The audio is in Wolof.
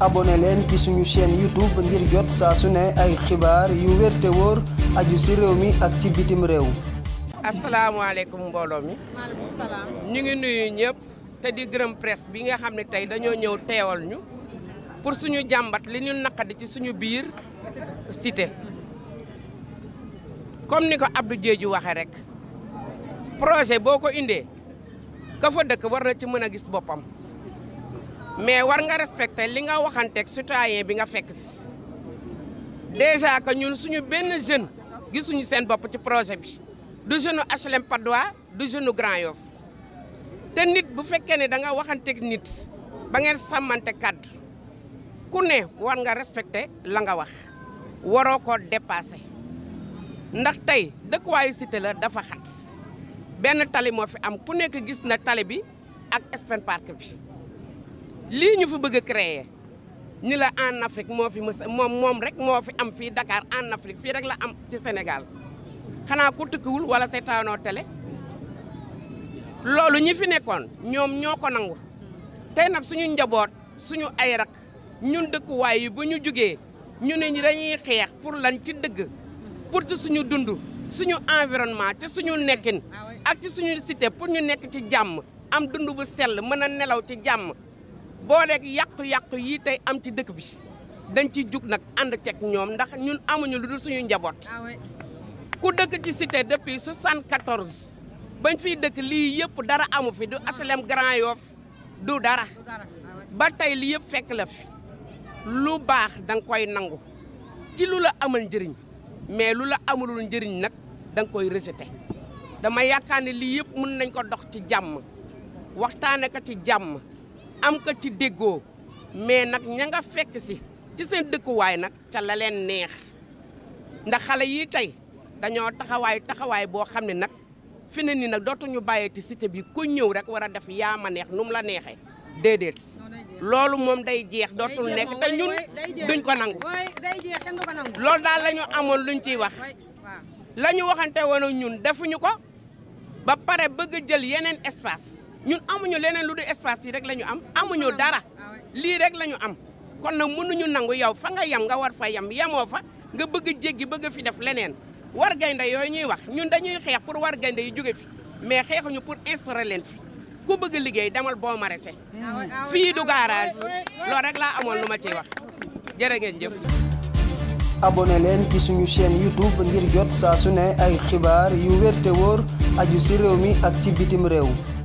abonné leen ci suñu chaîne YouTube ngir jot saa su ne ay xibaar yu wér te wóor aju si réew mi ak ci bitim réew. asalaamaaleykum mbooloo mi. ñu ngi nuyu ñëpp te di gërëm presse bi nga xam ne tey dañoo ñëw teewal ñu pour suñu jàmbat li ñu naqadi ci suñu biir cité comme ni ko Abdou Diédhiou waxee rek projet boo ko indee ka fa dëkk war na ci mën a gis boppam. mais war nga respecter li nga waxanteeg citoyen bi nga fekk si déjà que suñu benn jeune gisuñu seen bopp ci projet bi du jeune HLM Patte d'Oie du jeune Grand Yoff te nit bu fekkee ne da nga waxanteeg nit ba ngeen sàmmante kàddu ku ne war nga respecter la nga wax waroo ko dépasser ndax tey dëkkuwaayu cité la dafa xat benn tali moo fi am ku nekk gis na tali bi ak Espen Park bi lii ñu fi bëgg a créer ni la en Afrique moo fi moom moom rek moo fi am fii dakaar en Afrique fii rek la am ci Sénégal xanaa ku tukkiwul wala seetaanoo tele loolu ñi fi nekkoon ñoom ñoo ko nangu tey nag suñu njaboot suñu ay ñun dëkkuwaay yi bu ñu jógee ñu ne ñu dañuy xeex pour lan ci dëgg pour ci suñu dund suñu environnement ci suñu nekkin ak ci suñu cité pour ñu nekk ci jàmm am dund bu sell mën a nelaw ci jàmm booleeg yàqu-yàqu yi tey am ci dëkk bi dañ ciy jug nag ànd ceeg ñoom ndax ñun amuñu lu dul suñu njaboot ah ku dëkk ci cité depuis 74 bañ fiy dëkk lii yëpp dara amu fi du ah HLM Grand Yoff du dara ah ba tey li yëpp fekk la fi lu baax danga koy nangu ci lu la amal njëriñ mais lu la amalul njëriñ nag danga koy rejeté dama yaakaar ne lii yëpp mën nañ ko dox ci jàmm waxtaane ko ci jàmm am ko ci déggoo mais nag ña nga fekk si ci seen dëkkuwaay nag ca la leen neex ndax xale yi tey dañoo taxawaay taxawaay boo xam ne nag fi ne nii nag dootuñu bàyyee ci cité bi ku ñëw rek war a def yaa ma neex nu la neexee déedéet loolu moom day jeex dootul nekk te ñun duñ ko nangu loolu daal la ñu amoon luñ ciy wax la ñu waxante woon ñun defuñu ko ba pare bëgg jël yeneen espace ñun amuñu leneen lu du espace yi rek lañu am amuñu dara ah lii rek lañu am kon nag mënuñu nangu yow fa nga yem nga war fa yem yemoo fa nga bëgg jéggi bëgg fi def leneen war gaynde yooyu ñuy wax ñun dañuy xeex pour war gaynde yi jóge fi mais xeexuñu pour instaurer leen fi ku bëgg liggéey demal boo maraîcher ah ah fii du garage loolu rek laa amoon lu ma ciy wax jërë ngeen jëf abonné leen ci suñu chaîne youtube ngir jot saa su ne ay xibaar yu wér te wóor aju si réew mi ak ci bitim réew